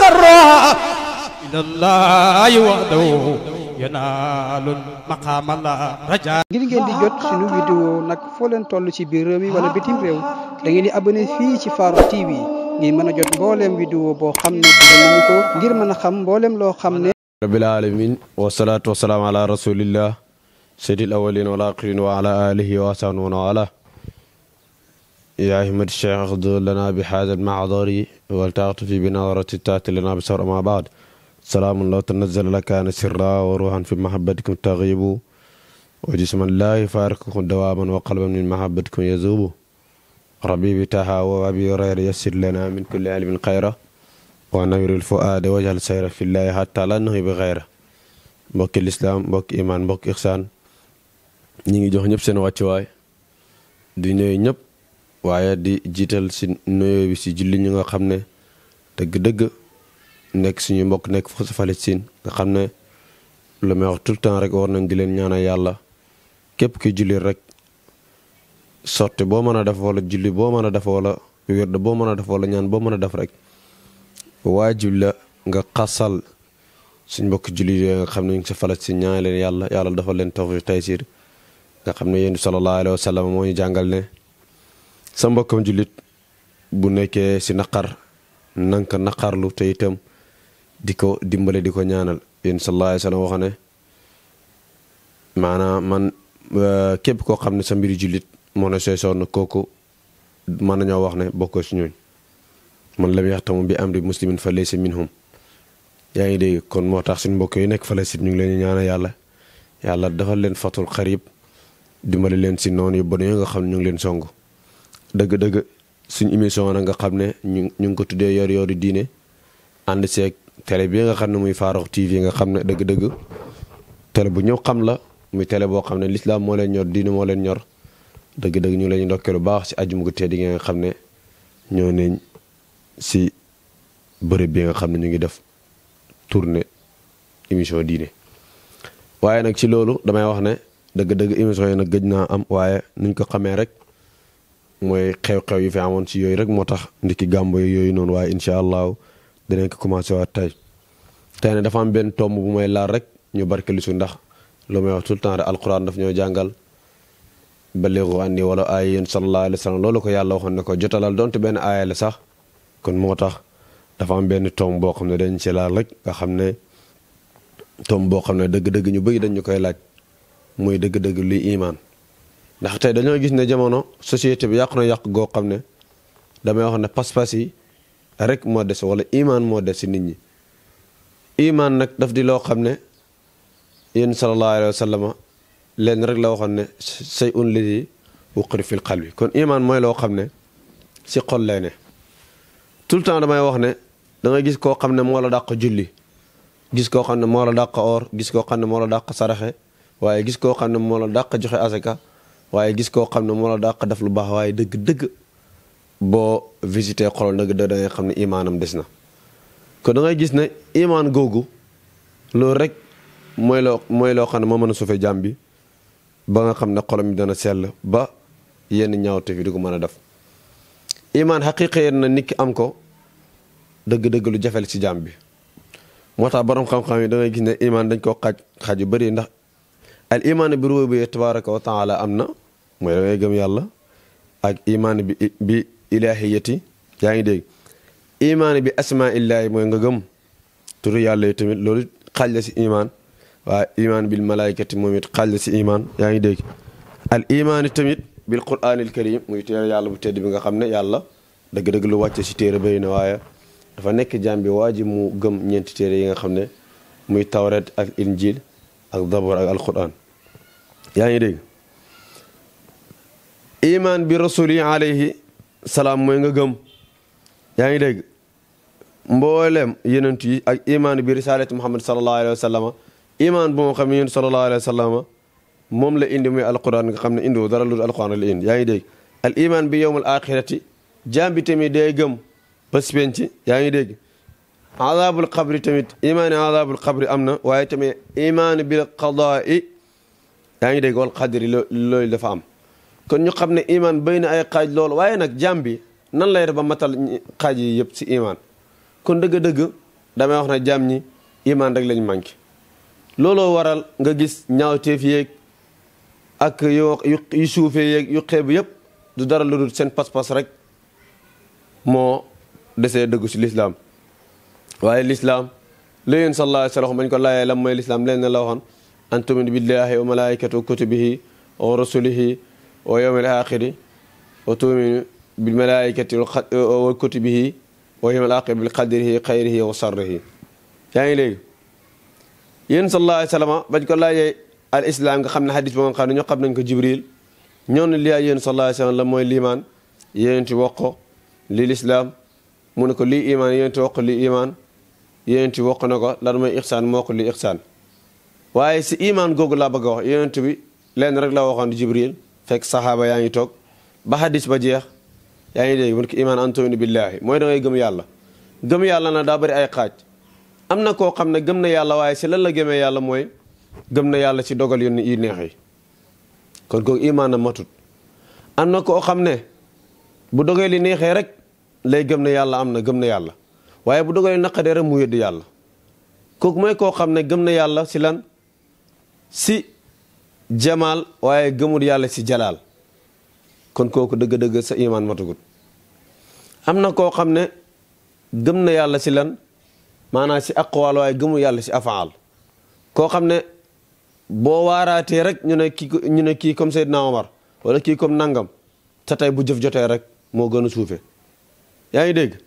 تقرى إلى الله وحده yanaalul maqaama la raja ngir ngeen jot suñu vidéo nag foo leen toll ci biir réew mi wala bitim réew da ngeen di abonné fii ci Farokh ngir mën a jot mbooleem vidéo boo xam ne dinañ ngir mën a xam mbooleem loo xam ne rabbil alamin wasalaatu wasalaam ala يا أحمد الشيخ اغدر لنا بهذا المعذر في بنارة تأتي لنا بسرعة مع بعض سلام الله تنزل لك أنا سرا وروحا في محبتكم تغيبوا وجسما لا يفارقكم دواما وقلبا من محبتكم يذوب ربي بتها وابي هريره يسر لنا من كل علم خيرا ونور الفؤاد واجعل سير في الله حتى لا نهي بغيره بك الاسلام بك ايمان بك احسان نيجي جوه نيب واتشواي واتي واي دي نيب waaye di jiital si nuyoo bi si julli ñu nga xam ne dëgg-dëgg nekk suñu mbokk nekk foofu si Palestine nga xam ne lu may wax le temps rek war nañ di leen ñaanal yàlla képp ki julli rek sotti boo mën a def wala julli boo mën a def wala wérde boo mën a def wala ñaan boo mën a def rek waajib la nga xasal suñ mbokk julli yooyu nga xam ne ñu ngi si Palestine ñaan leen yàlla yàlla dafa leen tawfiq taysir nga xam ne yéen sallallahu alayhi wa sallam moo ñu jàngal ne sa mbokkam jullit bu nekkee si naqar nanka naqarlu te itam di ko dimbale di ko ñaanal yéen sallallahu alayhi wa wax ne maanaam man euh, képp koo xam ne sa mbiri jullit moo ne sooy sonn kooku man nañoo wax ne bokkoo si ñooñ man lam yaxtamu bi di muslimin fa laysa minhum yaa ngi dégg kon moo tax suñ mbokk yu nekk Falastin ñu ngi leen ñaana yàlla yàlla dafa leen fatul xarib dimbale leen si noon noonu ba bon yi nga xam ne ñu ngi leen song dëgg dëgg suñ émission nag nga xam ñu ngi ko tuddé yor yor diiné and ci télé bi nga xam muy Farokh TV nga xam ne dëgg dëgg télé bu ñëw xam la muy télé bo xam l'islam mo leen ñor diiné mo leen ñor dëgg dëgg ñu leen lu baax si ajum gu tedd gi nga xam neñ si bëre bi nga xam ñu ngi def tourner émission diiné waaye nak ci lolu damay wax ne dëgg dëgg émission yi nak gëj am waaye nuñ ko xamé rek mooy xew-xew yi fi amoon ci yooyu rek moo tax ndiki gàmbo yooyu noonu waaye incha allahu dinañ ko commencé waa tey te ne dafa am benn tomb bu may laal rek ñu barkelu su ndax lu may wax tout le temps rek alquran daf ñoo jàngal baligu anni wala aaya yéen sallallahu alayhi wa sallam ko yàlla waxoon ne ko jotalal donte benn aaya sax kon moo tax dafa am benn tomb boo xam ne dañ ci laal rek nga xam ne tomb boo xam ne dëgg-dëgg ñu bëri dañ ñu koy laaj muy dëgg-dëgg luy imaan ndaxte dañoo gis ne jamono société bi yàqu na yàq goo xam ne damay wax ne pas-pas yi rek moo des wala imaan moo des si nit ñi imaan nag daf di loo xam ne yéen sallallahu alayhi wa sallama leen rek la waxoon ne say un lidi wuqri fil qalbi kon imaan mooy loo xam ne si xol lay ne tout le temps damay wax ne da gis koo xam ne moo la dàq julli gis koo xam ne moo la dàq or gis koo xam ne moo la dàq saraxe waaye gis koo xam ne moo la dàq joxe asaka waaye gis koo xam ne moo la dàq def lu baax waaye dëgg-dëgg boo visité xolol dëgg da ngay xam ne imaanam des na kon da gis ne imaan googu loolu rek mooy loo mooy loo xam ne moo mën a suufe jàmm bi ba nga xam ne xolam mi a sell ba yenn ñaawte fi di ko mën a def imaan xaqiiqa na nit ki am ko dëgg-dëgg lu jafel ci jàmm bi moo tax borom xam-xam yi da ngay gis ne imaan dañ koo xaaj xaaj yu bëri ndax al imaan bi ruubiyya tabaaraka wa taala am na mooy da gëm yàlla ak imaan bi bi ilaahiyati yaa ngi dégg imaan bi asmaa illaahi mooy nga gëm turu yàlla yi tamit loolu xaaj la si imaan waa imaan bil malaaykati moom it xaaj si imaan yaa ngi dégg al imaan tamit bil quraanil karim muy téere yàlla bu tedd bi nga xam ne yàlla dëgg-dëgg lu wàcce si téere bay na waaye dafa nekk jaam bi waa ji mu gëm ñeenti téere yi nga xam ne muy tawret ak injil ak zabor ak alquran yaa ngi dégg iman bi rasuli alayhi salaam mooy nga gëm yaa ngi dégg mboolem yenent yi ak iman bi risalati muhammad salallahu alayhi wa sallama iman bu moo xam ne yéen salallahu alayhi wa moom la indi muy alquran nga xam ne indi dara lu alquran la indi yaa ngi dégg al bi yowmal axirati jaam bi tamit day gëm bés penc yaa ngi dégg azabul qabri tamit imaani azabul am na waaye tamit imaan bi qadaa yaa ngi dégg wal qadri loolu dafa am kon ñu xam ne imaan bay na ay xaaj loolu waaye nag jaam bi nan lay def ba matal xaaj yi yëpp ci imaan kon dëgg-dëgg damay wax na jaam ñi imaan rek lañ manqué looloo waral nga gis ñaawteef yeeg ak yu yu suufee yeeg yu xeebu yëpp du dara lu dul seen pas-pas rek moo desee dëggu si lislaam waaye lislaam la yéen sallallahu alayhi wa bañ ko laayee lan mooy lislaam leen na la waxoon an tuminu billahi wa malaikatu kutubihi wa rasulihi wa yowm al axiri wa tuminu bil malaikati wa kutubihi wa yowm al axiri bil qadrihi xayrihi wa sarrihi yaa ngi léegi yéen sallallahu alayhi wa sallam bañ ko laajee al nga xam na xadis ba nga ñoo xam nañ ko jibril ñoo ne li yéen sallallahu alayhi wa sallam la mooy liimaan yénenti wax ko lii lislaam mu ne ko lii imaan yénenti wax ko lii imaan yénenti ko lan mooy ixsaan moo ko lii ixsaan waaye si imaan googu laa bëgg a wax yénent bi leen rek la waxoon jibril fekk saxaaba yaa ngi toog ba xadis ba jeex yaa ngi dégg mun ko imaan an tuminu billaahi mooy da ngay gëm yàlla gëm yàlla na daa bëri ay xaaj am na koo xam ne gëm na yàlla waaye si lan la gëmee yàlla mooy gëm na yàlla si dogal yu yu neex yi kon kooku imaan na matut am na koo xam ne bu dogal yi neexee rek lay gëm na yàlla am na gëm na yàlla waaye bu dogal yi naqadee rek mu yëdd yàlla kooku mooy koo xam ne gëm na yàlla si lan si jamaal waaye gëmul yàlla ci jalaal kon kooku dëgg-dëgg sa imaan matagut am na koo xam ne gëm na yàlla ci lan maanaam ci aqwaal waaye gëmul yàlla ci afaal koo xam ne boo waaraatee rek ñu ne kii ñu ne kii comme Seydina Omar wala kii comme nangam te tey bu jëf jotee rek moo gën a suufe yaa ngi dégg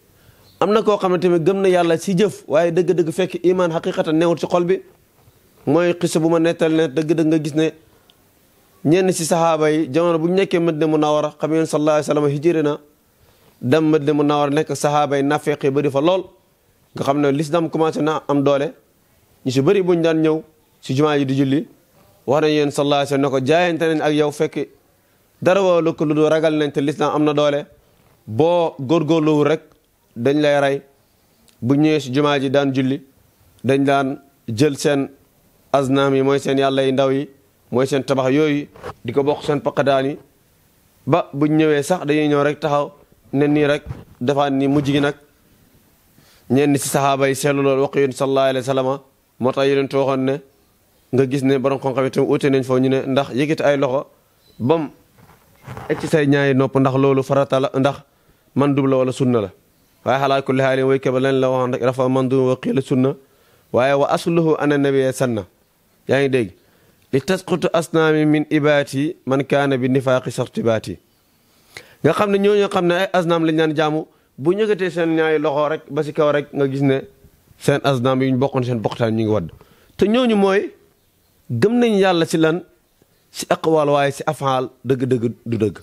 am na koo xam ne tamit gëm na yàlla ci jëf waaye dëgg-dëgg fekk imaan xaqiqatan newul ci xol bi mooy xisa bu ma nettal ne dëgg-dëgg nga gis ne ñenn si saxaaba yi jamono bu ñu nekkee Madina Munawara xam ngeen sallallahu alayhi wa sallam hijri na dem Madina Munawara nekk saxaaba yi nafeq yi bari fa lool nga xam ne l'islam commencé na am doole ñu si bëri ñu daan ñëw si jumaa ji di julli wax nañ yéen sallallahu alayhi wa sallam ne ko jaayante nañ ak yow fekk dara wala ko lu dul ragal nañ te l'islam am na doole boo góorgóorluwul rek dañ lay rey bu ñëwee si jumaa ji daan julli dañ daan jël seen aznaam yi mooy seen yàlla yi ndaw yi mooy seen tabax yooyu di ko bokk seen paqadaan yi ba buñ ñëwee sax dañuy ñëw rek taxaw ne nii rek defaat nii mujj gi nag ñenn si saxaaba yi seetlu loolu wax yonent sallallahu alayhi wa sallam moo tax te waxoon ne nga gis ne borom xam-xam itam uute nañ foo ñu ne ndax yëkkati ay loxo bam egg ci say ñaari nopp ndax loolu farata la ndax man mandub la wala sunna la waaye xalaa kulli xaalin way keba leen la waxoon rek rafa mandub wa qiila sunna waaye wa asluhu ana nabiyya yaa ngi dégg li tasqutu asnaami min ibaati man kaana bi nifaaqi sartibaati nga xam ne ñooñoo xam ne ay asnaam lañ naan jaamu bu ñëkkatee seen ñaari loxo rek ba si kaw rek nga gis ne seen asnaam yi ñu bokkoon seen boxtaan ñu ngi wadd te ñooñu mooy gëm nañ yàlla si lan si aqwaal waaye si afaal dëgg-dëgg du dëgg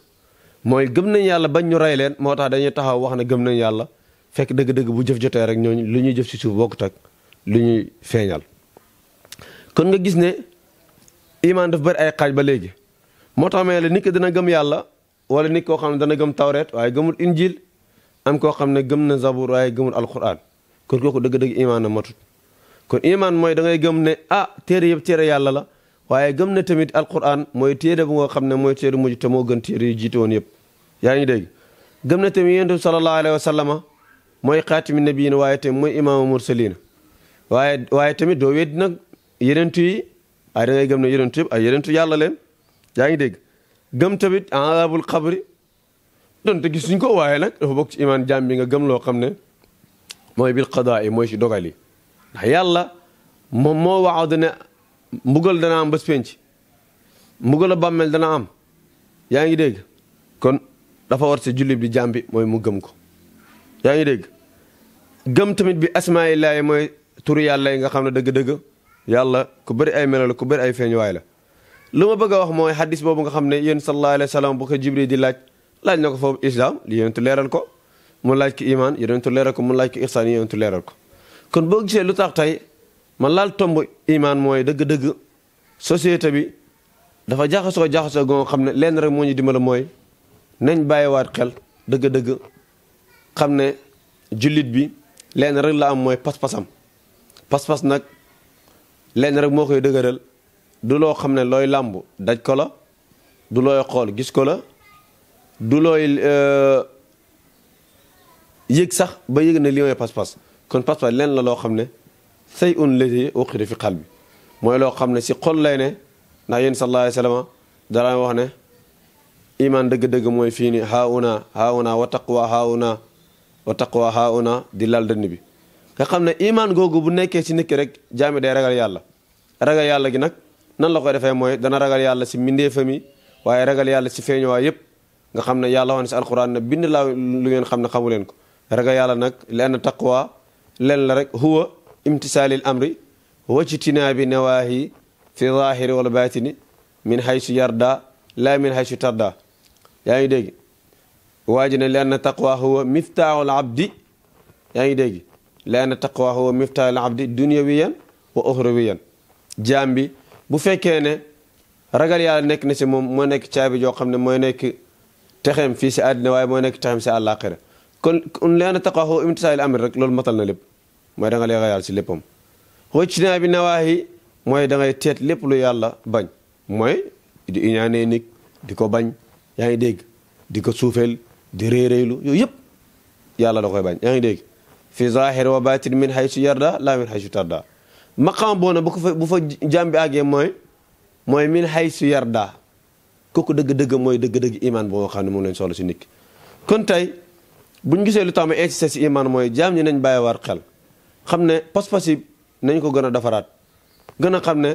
mooy gëm nañ yàlla bañ ñu rey leen moo tax dañuy taxaw wax ne gëm nañ yàlla fekk dëgg-dëgg bu jëf jotee rek ñooñu lu ñuy jëf si suuf bokkut ak lu ñuy feeñal imaan daf bëri ay xaaj ba léegi moo tax ma ne la nit ki dana gëm yàlla wala nit koo xam ne dana gëm tawreet waaye gëmul injil am koo xam ne gëm na zabur waaye gëmul alxuraan kon kooku dëgg-dëgg imaan na matut kon imaan mooy da ngay gëm ne ah téere yëpp téere yàlla la waaye gëm ne tamit alquran mooy téere bu nga xam ne mooy téere mujj te moo gën téere yu jiite woon yëpp yaa ngi dégg gëm na tamit yonent bi sallallahu alayhi wa sallama mooy xaatimi nabiyin waaye tamit waaye waaye tamit doo weddi nag yenentu ay da gëm ne yonent yëpp ay yonentu yàlla leen yaa ngi dégg gëm tamit azaabul xabri gis gisuñ ko waaye nag dafa bokk ci imaan jaam bi nga gëm loo xam ne mooy bil qadaa mooy ci dogal yi ndax yàlla moom moo waxoon ne mbugal dana am bés penc mbugal a bàmmeel dana am yaa ngi dégg kon dafa war si jullit bi jaam mooy mu gëm ko yaa ngi dégg gëm tamit bi asmaa illaahi mooy turu yàlla yi nga xam ne dëgg-dëgg yàlla ku bëri ay melo la ku bëri ay feeñuwaay la lu ma bëgg a wax mooy xadis boobu nga xam ne yéen sallallahu alayhi wa sallam bu ko jibril di laaj laaj na ko foofu islam yonentu leeral ko mu laaj ko iman yonentu leeral ko mu laaj ko ihsaan yonentu leeral ko kon boo gisee lu tax tey man laal tomb imaan mooy dëgg-dëgg société bi dafa jaxasoo jaxasoo goo xam ne lenn rek moo ñu la mooy nañ bàyyiwaat xel dëgg-dëgg xam ne jullit bi lenn rek la am mooy pas-pasam pas-pas nag lenn rek moo koy dëgëral du loo xam ne looy làmb daj ko la du looy xool gis ko la du looy yëg sax ba yëg na li mooy pas kon pas-pas lenn la loo xam ne say un lati uqida fi xal bi mooy loo xam si xol lay ne ndax yéen sallallahu alayhi wa dara wax ne iman dëgg-dëgg mooy fii hauna hauna wa taqwa hauna wa taqwa hauna di lal dënn bi nga xam ne imaan googu bu nekkee ci nit ki rek jaami day ragal yàlla ragal yàlla gi nag nan la koy defee mooy dana ragal yàlla si mbindeefam yi waaye ragal yàlla ci feeñuwaay yëpp nga xam ne yàlla waxoon ci alquran ne bind laa lu ngeen xam ne xamu leen ko ragal yàlla nag lenn taqwa leen la rek huwa imtisaalil amri wajtinaabi nawaahi fi zaahiri wala baatini min haysu yarda laa min haysu tarda yaa ngi dégg waa ji ne li anna taqwa huwa ngi dégg laana taqwaahu wa miftaal abdi dunyawiyan wa uxrawiyan jaam bi bu fekkee ne ragal yàlla nekk na si moom moo nekk caabi joo xam ne mooy nekk texem fii si àddina waaye moo nekk texeem si àllaaxira kon kon laana taqwaahu rek loolu matal na lépp mooy da nga yàlla si léppam wëccinaa bi nawaahi mooy da ngay teet lépp lu yàlla bañ mooy di iñaanee nit di ko bañ yaa ngi dégg di ko suufeel di réeréylu yooyu yëpp yàlla da koy bañ yaa ngi dégg fi zahir wa batin min haysu yarda la min haysu tarda maqaam boo na bu ko fa bu fa jàmbi àggee mooy mooy xay haysu yarda kooku dëgg-dëgg mooy dëgg-dëgg imaan boo xam ne moom lañ soxla si nit kon tey buñ gisee lu tax ma insisté mooy jaam nañ bàyyi war xel xam ne pas-pas yi nañ ko gën a defaraat gën a xam ne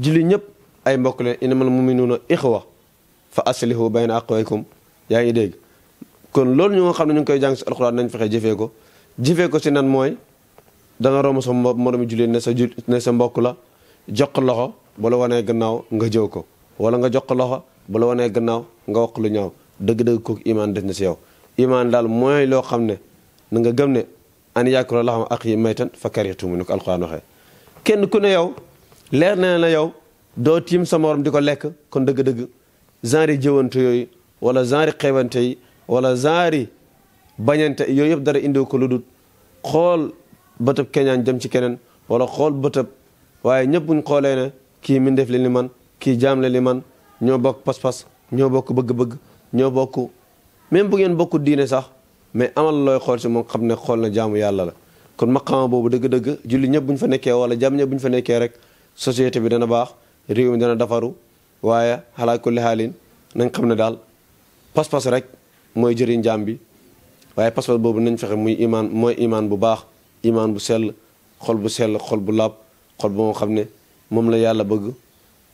julli ñëpp ay mbokk leen innamal muminuuna ixwa fa aslihu bayna aqwaykum yaa ngi dégg kon loolu ñu nga xam ne ñu ngi koy jàng si alxuraan nañ fexe jëfee ko jëfee ko si nan mooy danga romb sa moromu jullit ne sa ju sa mbokk la jox ko loxo bu la wanee gannaaw nga jëw ko wala nga jox ko loxo bu la wanee gannaaw nga wax lu ñaaw dëgg-dëgg kooku imaan des na si yow imaan daal mooy loo xam ne na nga gëm ne an yàkkula la xam ak yi maytan fa karitumu ni ko alxuraan kenn ku ne yow leer na la yow doo tiim sa morom di ko lekk kon dëgg-dëgg genre jëwante yooyu wala genre xeebante yi wala genre bañante yooyu yëpp dara indiw ko lu dul xool bëtëb keñaan jëm ci keneen wala xool bëtëb waaye ñëpp buñ xoolee ne kii min def li li man kii jaam li man ñoo bokk pas-pas ñoo bokk bëgg-bëgg ñoo bokk même bu ngeen bokku diine sax mais amal looy xool si moom xam ne xool na jaamu yàlla la kon maqaama boobu dëgg-dëgg julli ñëpp ñu fa nekkee wala jaam ñëpp buñ fa nekkee rek société bi dana baax réew mi dana defaru waaye xalaa kulli xaalin nañ xam ne daal pas-pas rek mooy jëriñ jaam bi waaye pas-pas boobu nañ fexe muy imaan mooy imaan bu baax imaan bu sell xol bu sell xol bu laab xol bu moo xam ne moom la yàlla bëgg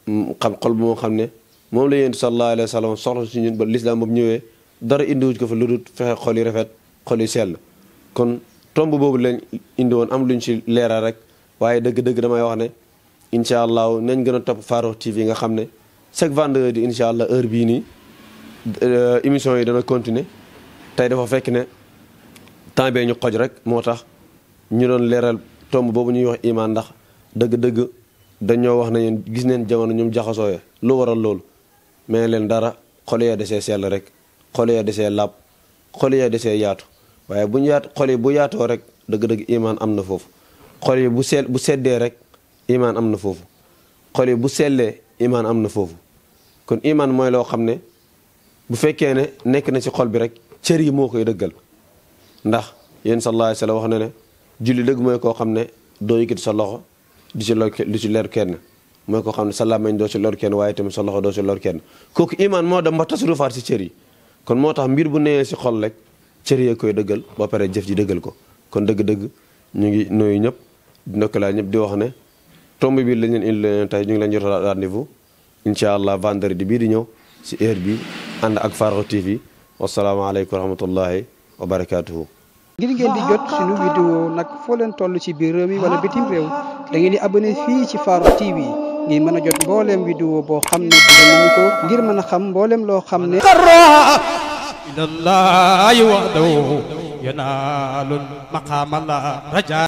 mm, xam xol bu xam ne moom la yéentu sallallahu alayhi wa ba lislaam boobu ñëwee dara indiwuj ko fa lu dul fexe xol yi rafet xol yi sell kon tomb boobu lañ indi woon am luñ si leeral rek waaye dëgg-dëgg damay wax ne incha allahu nañ gën a topp Farokh TV nga xam ne chaque vendredi incha allah heure bii nii euh, émission yi dana continuer tey dafa fekk ne temps bee ñu xoj rek moo tax ñu doon leeral tomb boobu ñuy wax imaan ndax dëgg-dëgg dañoo wax nañu gis neen jamono ñoom jaxasooye lu waral loolu mais leen dara xol yaa desee sell rek xol yaa desee làpp xol yaa desee yaatu waaye bu yaat xol yi bu yaatoo rek dëgg-dëgg imaan am na foofu xol yi bu sel bu seddee rek imaan am na foofu xol yi bu sellee imaan am na foofu kon imaan mooy loo xam ne bu fekkee ne nekk na ci xol bi rek cër yi moo koy dëggal ndax yenn sallallahu alayhi wasallam wax ne ne julli dëgg mooy koo xam ne doo yëkkati sa loxo di ci lor di ci leer kenn mooy koo xam ne sa làmmiñ doo ci lor kenn waaye tamit sa loxo doo ci lor kenn kooku imaan moo dem ba tasrufaat si cër yi kon moo tax mbir bu newee si xol rek cër yee koy dëggal ba pare jëf ji dëggal ko kon dëgg-dëgg ñu ngi nuyu ñëpp di ndokkalaa ñëpp di wax ne tomb bi lañ leen indi leen ñu ngi leen di rendez-vous incha allah vendredi bii di ñëw si heure bi ànd ak Farokh TV wasalaamaaleykum wa rahmatullahi wa barakaatuhu. ngir ngeen di jot nag foo leen toll ci biir mi wala bitim réew da ngeen di abonné fii ci Farokh TV ngir mën a jot mbooleem vidéo boo xam ne dina ñu ngir mën a xam mbooleem loo xam ne. ilallahi wahdahu yanaalul maqaamala raja